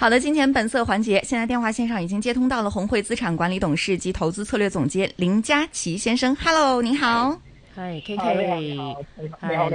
好的，金錢本色環節，現在電話線上已經接通到了宏滙資產管理董事及投資策略總監林嘉麒先生。哈嘍，l 你好。係 K K，你好，你好。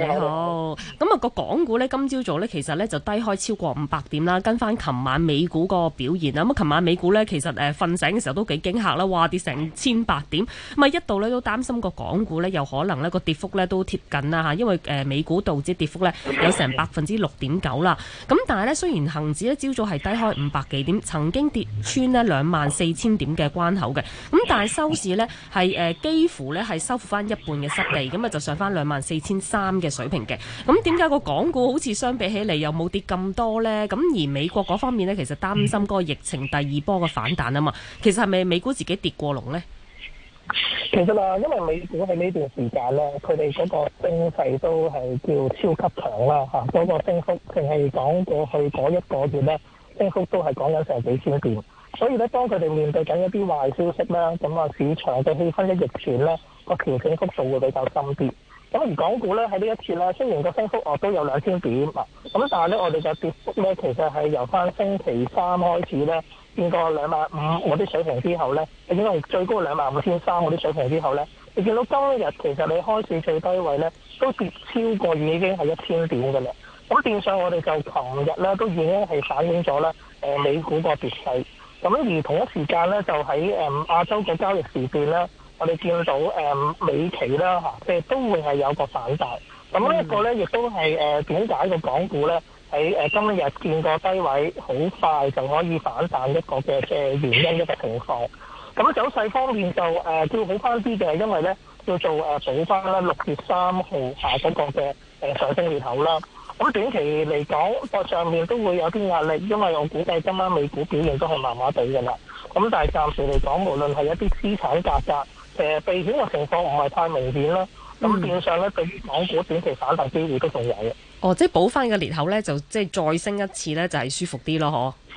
咁啊，哎、個港股呢，今朝早呢，其實呢就低開超過五百點啦，跟翻琴晚美股個表現啦。咁、嗯、琴晚美股呢，其實誒瞓、呃、醒嘅時候都幾驚嚇啦，話跌成千八百點，咪、嗯、一度呢都擔心個港股呢，有可能呢個跌幅呢都貼緊啦嚇，因為誒、呃、美股導致跌幅呢，有成百分之六點九啦。咁但係呢，雖然恒指呢朝早係低開五百幾點，曾經跌穿呢兩萬四千點嘅關口嘅，咁但係收市呢，係誒幾乎呢係收復翻一半嘅失。嚟咁啊，就上翻兩萬四千三嘅水平嘅。咁點解個港股好似相比起嚟又冇跌咁多呢？咁而美國嗰方面呢，其實擔心個疫情第二波嘅反彈啊嘛。其實係咪美股自己跌過龍呢？其實啊，因為美股喺呢段時間咧，佢哋嗰個升勢都係叫超級強啦嚇。嗰、啊嗰個升幅淨係講過去嗰一個月呢，升幅都係講緊成幾千點。所以咧，當佢哋面對緊一啲壞消息啦，咁啊，市場嘅氣氛一逆轉啦。個調整幅度會比較深啲，咁而港股咧喺呢一次咧，雖然個升幅哦都有兩千點啊，咁但係咧我哋就跌幅咧，其實係由翻星期三開始咧，見過兩萬五嗰啲水平之後咧，已經從最高兩萬五千三嗰啲水平之後咧，你見到今日其實你開市最低位咧都跌超過已經係一千點嘅啦。咁變相我哋就琴日咧都已經係反映咗咧，誒美股個跌勢。咁而同一時間咧，就喺誒、嗯、亞洲嘅交易時段咧。我哋見到誒美期啦嚇，即係都會係有個反彈。咁呢一個咧，亦都係誒點解個港股咧喺誒今日見個低位，好快就可以反彈一個嘅誒原因一個情況。咁走勢方面就誒叫好翻啲嘅，因為咧叫做誒補翻啦六月三號下嗰個嘅誒上升裂口啦。咁短期嚟講，個上面都會有啲壓力，因為我估計今晚美股表現都係麻麻地嘅啦。咁但係暫時嚟講，無論係一啲資產價格。誒避險嘅情況唔係太明顯啦，咁現相咧對於港股短期反彈機會都仲有嘅。哦，即係補翻嘅裂口咧，就即係再升一次咧，就係舒服啲咯，嗬。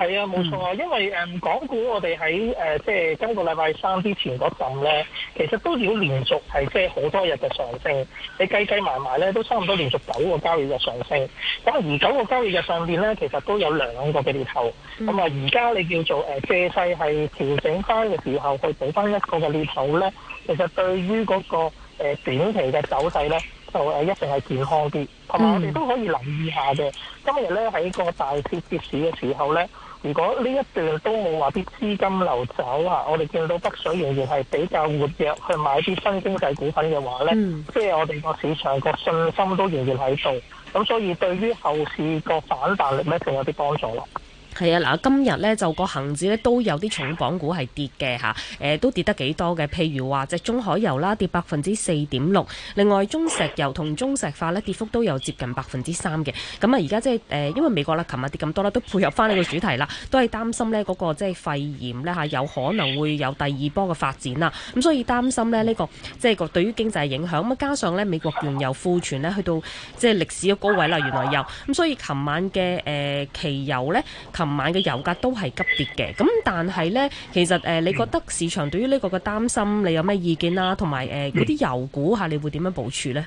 係啊，冇錯啊，因為誒港股我哋喺誒即係今個禮拜三之前嗰陣咧，其實都如果連續係即係好多日嘅上升。你計計埋埋咧都差唔多連續九個交易日上升。咁而九個交易日上邊咧，其實都有兩個嘅裂口。咁啊，而家你叫做誒借勢係調整翻嘅時候去補翻一個嘅裂口咧，其實對於嗰個短期嘅走勢咧，就誒一定係健康啲。同埋我哋都可以留意下嘅。今日咧喺個大跌跌市嘅時候咧。如果呢一段都冇話啲資金流走啊，我哋見到北水仍然係比較活躍，去買啲新經濟股份嘅話呢，即係我哋個市場個信心都仍然喺度，咁所以對於後市個反彈力呢，仲有啲幫助咯。係啊，嗱今日呢，就個恒指咧都有啲重磅股係跌嘅嚇，誒都跌得幾多嘅？譬如話隻中海油啦，跌百分之四點六。另外中石油同中石化呢，跌幅都有接近百分之三嘅。咁啊而家即係誒，因為美國啦，琴日跌咁多啦，都配合翻呢個主題啦，都係擔心呢嗰個即係肺炎呢，嚇有可能會有第二波嘅發展啊。咁所以擔心呢、這個，呢個即係個對於經濟嘅影響。咁加上呢美國原油庫存呢，去到即係歷史嘅高位啦，原來又咁，所以琴晚嘅誒期油呢。琴晚嘅油價都係急跌嘅，咁但係呢，其實誒、呃，你覺得市場對於呢個嘅擔心，你有咩意見啊？同埋誒，嗰、呃、啲油股下，你會點樣部署呢？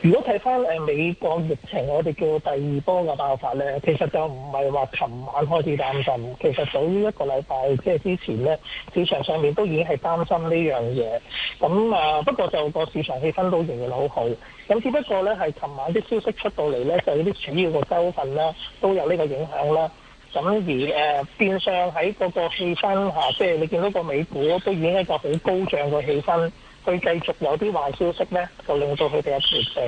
如果睇翻誒美國疫情，我哋叫第二波嘅爆發咧，其實就唔係話琴晚開始擔心，其實早於一個禮拜即係之前咧，市場上面都已經係擔心呢樣嘢。咁啊，不過就個市場氣氛都仍然好好。咁只不過咧，係琴晚啲消息出到嚟咧，就啲主要嘅州份咧都有呢個影響啦。咁而誒變相喺嗰個氣氛下，即係你見到個美股都已經一個好高漲嘅氣氛，去繼續有啲壞消息咧，就令到佢哋有調整。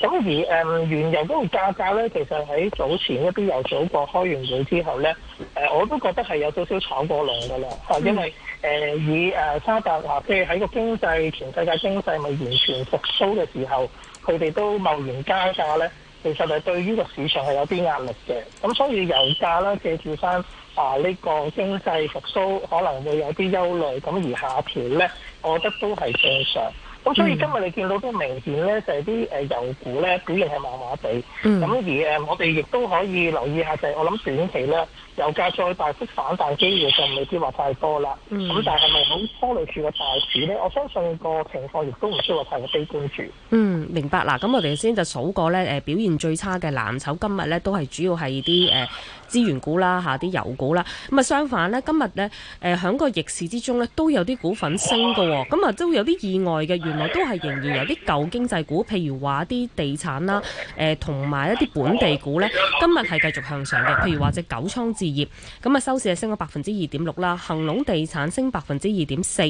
咁而誒、呃、原油嗰個價格咧，其實喺早前一啲油組國開完會之後咧，誒、呃、我都覺得係有少少炒過龍嘅啦，嗯、因為誒、呃、以誒沙特話，即係喺個經濟全世界經濟咪完全復甦嘅時候，佢哋都貿然加價咧。其實係對於個市場係有啲壓力嘅，咁所以油價啦，借住翻啊呢個經濟復甦可能會有啲憂慮，咁而下調呢，我覺得都係正常。咁、嗯、所以今日你見到都明顯咧，就係啲誒油股咧表現係麻麻地。咁、嗯、而誒我哋亦都可以留意下，就係我諗短期咧油價再大幅反彈機會就未必話太多啦。咁、嗯、但係咪好拖累住個大市咧？我相信個情況亦都唔需要話太過悲觀住。嗯，明白嗱。咁我哋先就數過咧誒表現最差嘅藍籌，今日咧都係主要係啲誒資源股啦嚇，啲油股啦。咁啊相反咧，今日咧誒喺個逆市之中咧都有啲股份升㗎喎。咁啊都有啲意外嘅。原來都係仍然有啲舊經濟股，譬如話啲地產啦、啊，誒同埋一啲本地股呢。今日係繼續向上嘅。譬如話隻九倉置業，咁啊收市係升咗百分之二點六啦。恒隆地產升百分之二點四，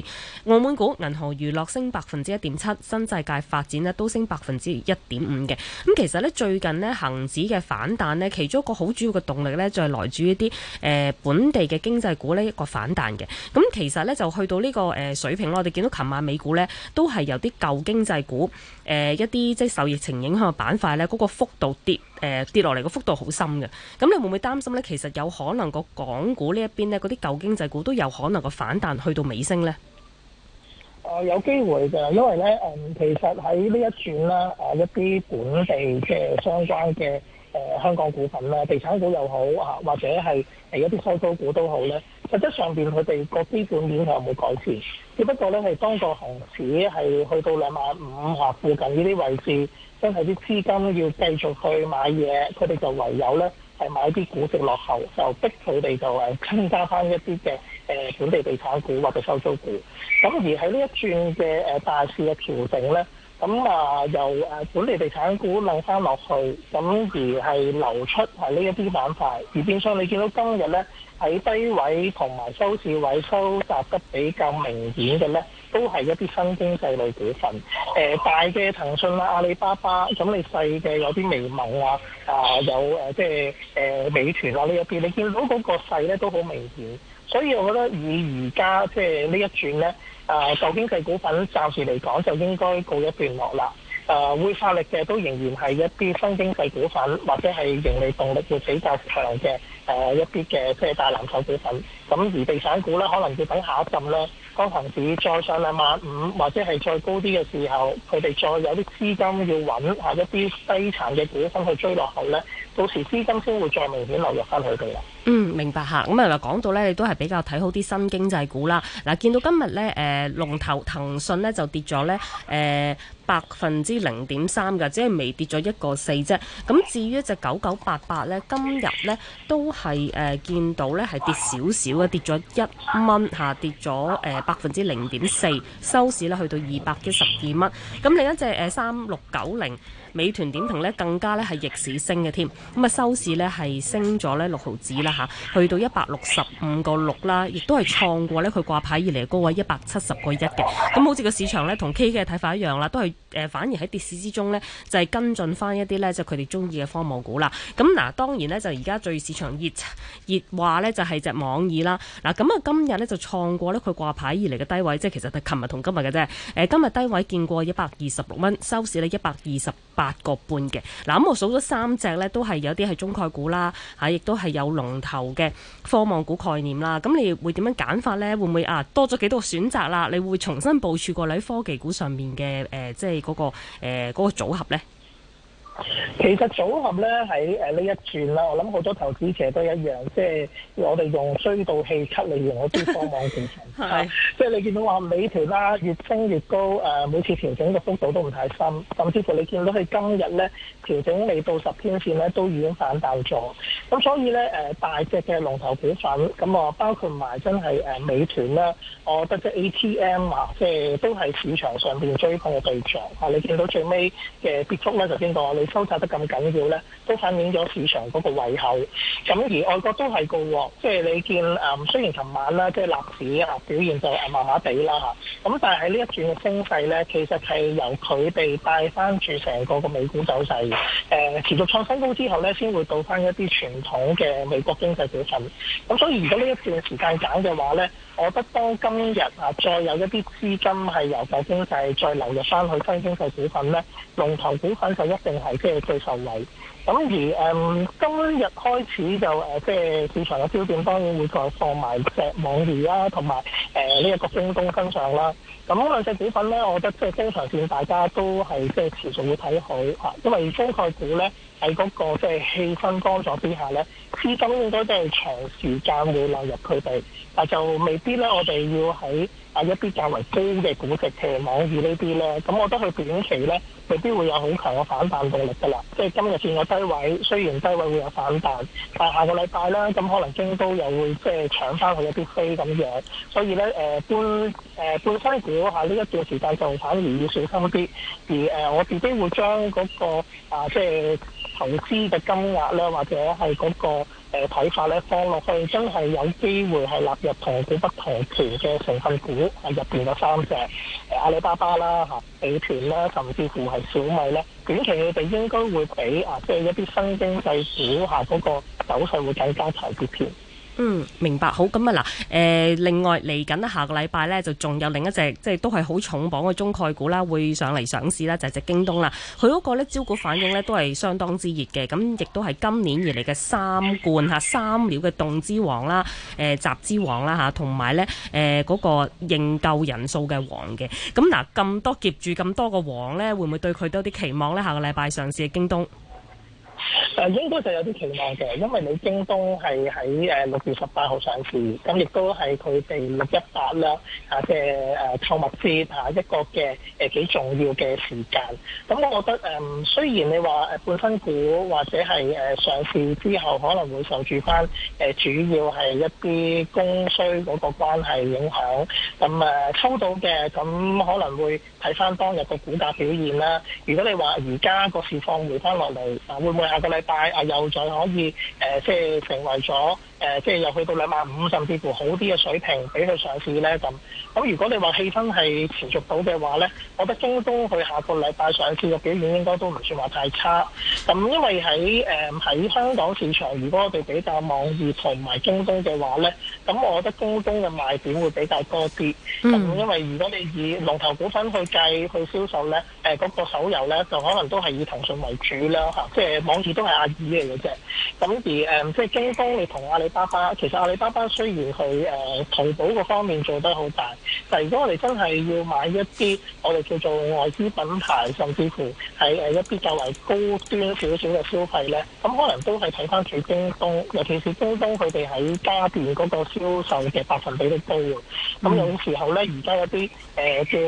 澳門股銀河娛樂升百分之一點七，新世界發展呢都升百分之一點五嘅。咁其實呢，最近呢，恒指嘅反彈呢，其中一個好主要嘅動力呢，就係、是、來自一啲誒、呃、本地嘅經濟股呢一個反彈嘅。咁其實呢，就去到呢個誒水平。我哋見到琴晚美股呢，都係。有啲舊經濟股，誒、呃、一啲即係受疫情影響嘅板塊呢，嗰、那個幅度跌，誒、呃、跌落嚟個幅度好深嘅。咁你會唔會擔心呢？其實有可能個港股呢一邊呢，嗰啲舊經濟股都有可能個反彈去到尾聲呢？啊、呃，有機會嘅，因為呢，嗯，其實喺呢一轉啦，啊，一啲本地即係相關嘅誒香港股份啦、地產股又好啊，或者係誒一啲收租股都好呢。實質上邊佢哋個基本面有冇改善？只不過咧係當個紅市係去到兩萬五或附近呢啲位置，真係啲資金要繼續去買嘢，佢哋就唯有咧係買啲股息落後，就逼佢哋就係、呃、增加翻一啲嘅誒本地地產股或者收租股。咁、呃、而喺呢一轉嘅誒大市嘅調整咧。咁啊、嗯呃，由誒、呃、本地地產股落翻落去，咁而係流出係呢一啲板塊，而變相你見到今日咧喺低位同埋收市位收窄得比較明顯嘅咧，都係一啲新經濟類股份，誒、呃、大嘅騰訊啦、啊，阿里巴巴，咁你細嘅有啲微盟啊，啊、呃、有誒即係誒美團啊呢一邊，你見到嗰個勢咧都好明顯。所以，我覺得以而家即係呢一轉呢，誒、啊、舊經濟股份暫時嚟講，就應該告一段落啦。誒、啊、會發力嘅都仍然係一啲新經濟股份，或者係盈利動力會比較強嘅誒、啊、一啲嘅即係大藍籌股份。咁、啊、而地產股呢，可能要等下一陣呢，個恆指再上兩萬五，或者係再高啲嘅時候，佢哋再有啲資金要揾下一啲低殘嘅股份去追落去呢，到時資金先會再明顯流入翻佢哋啦。嗯，明白嚇。咁啊，講到咧，你都係比較睇好啲新經濟股啦。嗱、啊，見到今日咧，誒、呃，龍頭騰訊咧就跌咗咧，誒、呃，百分之零點三嘅，即係未跌咗一個四啫。咁至於一隻九九八八咧，今日咧都係誒、呃、見到咧係跌少少嘅，跌咗一蚊，下、啊、跌咗誒百分之零點四，收市咧去到二百一十二蚊。咁另一隻誒三六九零。呃美團點評呢更加咧係逆市升嘅添，咁啊收市呢係升咗呢六毫子啦，吓去到一百六十五個六啦，亦都係創過呢佢掛牌以嚟高位一百七十個一嘅。咁好似個市場呢同 K K 嘅睇法一樣啦，都係誒反而喺跌市之中呢就係跟進翻一啲呢就佢哋中意嘅科網股啦。咁嗱當然呢就而家最市場熱熱話呢就係隻網易啦。嗱咁啊今日呢就創過呢佢掛牌以嚟嘅低位，即係其實係琴日同今日嘅啫。誒今日低位見過一百二十六蚊，收市呢一百二十。八個半嘅嗱，咁、啊、我數咗三隻呢都係有啲係中概股啦，嚇、啊，亦都係有龍頭嘅科網股概念啦。咁你會點樣揀法呢？會唔會啊？多咗幾多個選擇啦？你會重新部署過你喺科技股上面嘅誒、呃，即係嗰、那個誒嗰、呃那個、組合呢？其實組合咧喺誒呢一段啦，我諗好多投資者都一樣，即、就、係、是、我哋用追器，用到器出嚟用嗰啲觀望市場。係，即係你見到話美團啦、啊，越升越高，誒、啊、每次調整嘅幅度都唔太深，甚至乎你見到佢今日咧調整未到十天線咧都已經反彈咗。咁所以咧誒、呃、大隻嘅龍頭股份咁啊，包括埋真係誒美團啦、啊，我覺得即 ATM 啊，即、就、係、是、都係市場上邊追捧嘅對象。啊，你見到最尾嘅跌幅咧就邊個？你？收窄得咁緊要呢，都反映咗市場嗰個胃口。咁而外國都係高喎，即係你見誒，雖然琴晚咧即係納指啊表現就麻麻地啦嚇，咁但係呢一段嘅升勢呢，其實係由佢哋帶翻住成個個美股走勢，誒、呃、持續創新高之後呢，先會到翻一啲傳統嘅美國經濟股份。咁所以如果呢一段時間揀嘅話呢，我覺得當今日啊再有一啲資金係由舊經濟再流入翻去新經濟股份呢，龍頭股份就一定係。即係最受惠，咁而誒、呃、今日開始就誒即係市場嘅焦點，當然會再放埋石網魚啦、啊，同埋誒呢一個京東身上啦。咁兩隻股份咧，我覺得即係中長線大家都係即係持續會睇好嚇、啊，因為中概股咧。喺嗰個即係氣氛乾燥之下咧，資金應該都係長時間會流入佢哋，但就未必咧，我哋要喺啊一啲較為高嘅估值譬如網易呢啲咧，咁我覺得佢短期咧未必會有好強嘅反彈動力噶啦。即係今日線個低位，雖然低位會有反彈，但下個禮拜咧咁可能京都又會即係搶翻佢一啲飛咁樣，所以咧誒、呃、半誒、呃、半新股下呢一段時間就反而要小心啲。而誒、呃、我自己會將嗰、那個啊、呃、即係。投資嘅金額咧，或者係嗰、那個睇、呃、法咧，放落去真係有機會係納入同股不同權嘅成分股，喺入邊有三隻、呃，阿里巴巴啦、哈、美團啦，甚至乎係小米咧，短期佢哋應該會畀啊，即、就、係、是、一啲新經濟股吓嗰個走勢會更加抬啲啲。嗯，明白好。咁啊嗱，誒、呃、另外嚟緊咧下個禮拜呢，就仲有另一隻，即係都係好重磅嘅中概股啦，會上嚟上市啦，就係、是、隻京東啦。佢嗰個咧招股反應呢，都係相當之熱嘅，咁亦都係今年以嚟嘅三冠嚇、三料嘅凍之王啦、誒、呃、集之王啦嚇，同埋呢，誒、呃、嗰、那個認購人數嘅王嘅。咁嗱，咁多夾住咁多個王呢，會唔會對佢都有啲期望呢？下個禮拜上市嘅京東。誒，應該就有啲期望嘅，因為你京東係喺誒六月十八號上市，咁亦都係佢哋六一八啦，啊，即係誒購物節啊一個嘅誒幾重要嘅時間。咁我覺得誒，雖然你話誒半分股或者係誒上市之後可能會受住翻誒主要係一啲供需嗰個關係影響。咁誒抽到嘅，咁可能會睇翻當日個股價表現啦。如果你話而家個市況回翻落嚟，啊，會唔會下個禮拜啊，又再可以誒，即、呃、係成為咗？誒、呃，即係又去到兩萬五，甚至乎好啲嘅水平俾佢上市咧咁。咁如果你話氣氛係持續到嘅話咧，我覺得京東佢下個禮拜上市嘅表現應該都唔算話太差。咁因為喺誒喺香港市場，如果我哋比較網易同埋京東嘅話咧，咁我覺得京東嘅賣點會比較多啲。咁、嗯、因為如果你以龍頭股份去計去銷售咧，誒、呃、嗰、那個手遊咧就可能都係以騰訊為主啦嚇，即係網易都係阿爾嚟嘅啫。咁而誒、呃、即係京東，你同阿里巴其實阿里巴巴雖然佢誒、啊、淘寶個方面做得好大，但係如果我哋真係要買一啲我哋叫做外資品牌，甚至乎喺誒一啲較為高端少少嘅消費咧，咁、啊、可能都係睇翻佢京東，尤其是京東佢哋喺家電嗰個銷售嘅百分比都高嘅。咁、啊、有時候咧，而家有啲誒、呃、叫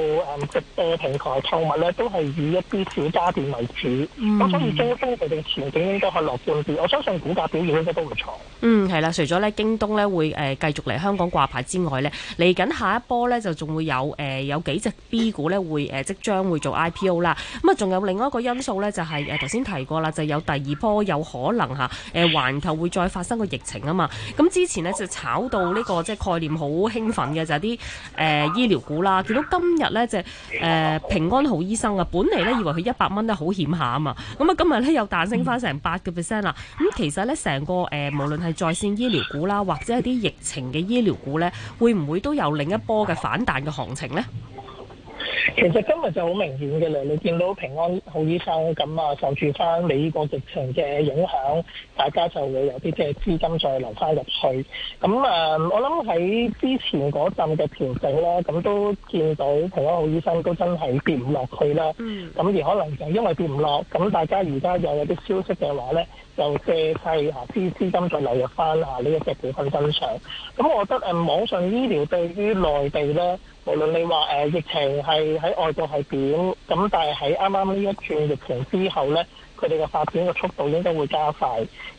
誒直播平台購物咧，都係以一啲小家電為主。咁、嗯、所以京東佢哋嘅前景應該係樂觀啲，我相信股價表現應該都唔錯。嗯，係啦。除咗咧，京東咧會誒繼續嚟香港掛牌之外咧，嚟緊下，下一波咧就仲會有誒、呃、有幾隻 B 股咧會誒即將會做 IPO 啦。咁啊，仲有另外一個因素咧就係誒頭先提過啦，就有第二波有可能嚇誒、呃、環球會再發生個疫情啊嘛。咁之前呢，就炒到呢、這個即係、就是、概念好興奮嘅就係啲誒醫療股啦。見到今日咧就係、呃、平安好醫生啊，本嚟咧以為佢一百蚊都好險下啊嘛。咁啊今日咧又彈升返成八個 percent 啦。咁其實咧成個誒、呃、無論係在線。醫療股啦，或者係啲疫情嘅醫療股呢，會唔會都有另一波嘅反彈嘅行情呢？其實今日就好明顯嘅啦，你見到平安好醫生咁啊，受住翻你依個疫情嘅影響，大家就會有啲即係資金再流翻入去。咁啊，我諗喺之前嗰陣嘅調整咧，咁都見到平安好醫生都真係跌唔落去啦。咁、嗯、而可能就因為跌唔落，咁大家而家又有啲消息嘅話咧，就借勢啊，啲資金再流入翻啊呢個隻股去跟上。咁我覺得誒，網上醫療對於內地咧，無論你話誒疫情係。喺外國係點？咁但係喺啱啱呢一轉疫情之後呢，佢哋嘅發展嘅速度應該會加快。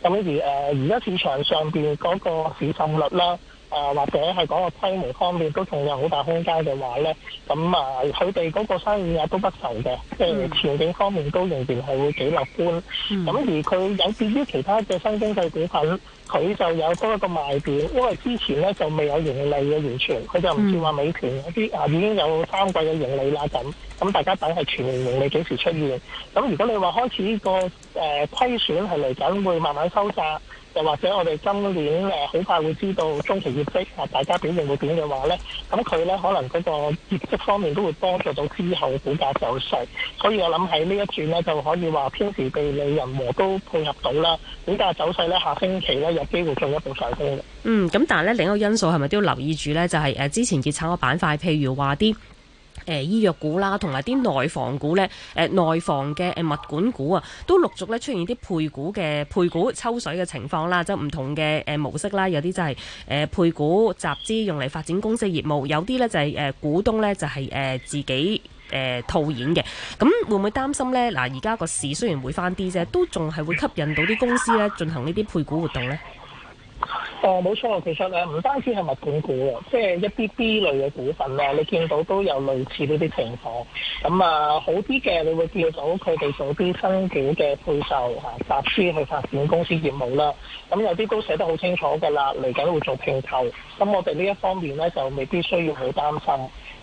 咁例如呃、而家市場上邊嗰個市凍率啦。啊、呃，或者係講個規模方面都仲有好大空間嘅話咧，咁啊，佢哋嗰個生意也都不愁嘅，即係、嗯、前景方面都仍然係會幾樂觀。咁、嗯、而佢有別於其他嘅新經濟股份，佢就有多一個賣點，因為之前咧就未有盈利嘅完全，佢就唔似話美團嗰啲啊已經有三季嘅盈利拉緊。咁大家等係全年盈利幾時出現？咁如果你話開始呢、呢個誒虧損係嚟緊，呃、會慢慢收窄。又或者我哋今年誒好快會知道中期業績，啊大家表現會點嘅話咧，咁佢咧可能嗰個業績方面都會幫助到之後股價走勢，所以我諗喺呢一轉咧就可以話天時地利人和都配合到啦，股價走勢咧下星期咧有機會進一步上升嘅。嗯，咁但係咧另一個因素係咪都要留意住咧？就係、是、誒之前熱炒嘅板塊，譬如話啲。誒、呃、醫藥股啦，同埋啲內房股呢，誒、呃、內房嘅、呃、物管股啊，都陸續咧出現啲配股嘅配股抽水嘅情況啦，即係唔同嘅誒、呃、模式啦，有啲就係、是、誒、呃、配股集資用嚟發展公司業務，有啲呢就係、是、誒、呃、股東呢，就係、是、誒、呃、自己誒、呃、套現嘅。咁、嗯、會唔會擔心呢？嗱、呃，而家個市雖然會翻啲啫，都仲係會吸引到啲公司呢進行呢啲配股活動呢。哦，冇錯，其實誒唔單止係物管股即係、就是、一啲 B 類嘅股份咧，你見到都有類似呢啲情況。咁、嗯、啊，好啲嘅你會見到佢哋做啲新股嘅配售啊，集資去發展公司業務啦。咁、嗯、有啲都寫得好清楚㗎啦，嚟緊會做併購。咁、嗯、我哋呢一方面咧，就未必需要好擔心。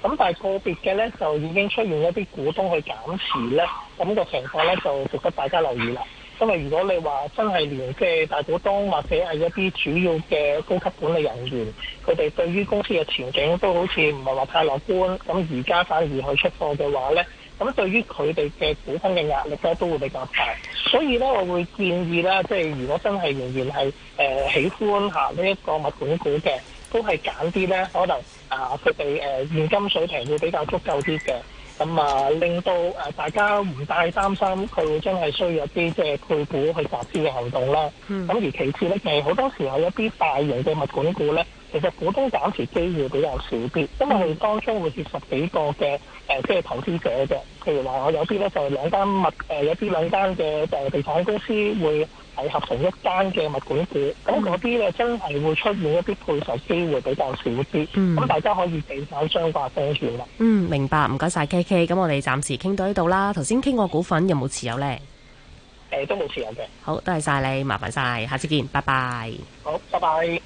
咁、嗯、但係個別嘅咧，就已經出現一啲股東去減持咧，咁、嗯、個情況咧就值得大家留意啦。因為如果你話真係連即係大股東或者係一啲主要嘅高級管理人員，佢哋對於公司嘅前景都好似唔係話太樂觀，咁而家反而去出貨嘅話呢，咁對於佢哋嘅股份嘅壓力咧都會比較大，所以呢，我會建議呢，即係如果真係仍然係誒喜歡吓呢一個物管股嘅，都係揀啲呢，可能啊佢哋誒現金水平會比較足夠啲嘅。咁啊、嗯，令到誒大家唔太擔心佢會真係需要一啲即係配股去集資嘅行動啦。咁、嗯、而其次咧，係好多時候一啲大型嘅物管股咧，其實股東減持機會比較少啲，因為當初會係十幾個嘅誒即係投資者嘅。譬如話，我有啲咧就係、兩間物誒，有、呃、啲兩間嘅誒地產公司會。睇合同一間嘅物管股，咁嗰啲咧真係會出現一啲配售機會比較少啲，咁大家可以備手雙化雙調啦。嗯，明白，唔該曬 KK，咁我哋暫時傾到呢度啦。頭先傾過股份有冇持有呢？誒，都冇持有嘅。好，多謝曬你，麻煩曬，下次見，拜拜。好，拜拜。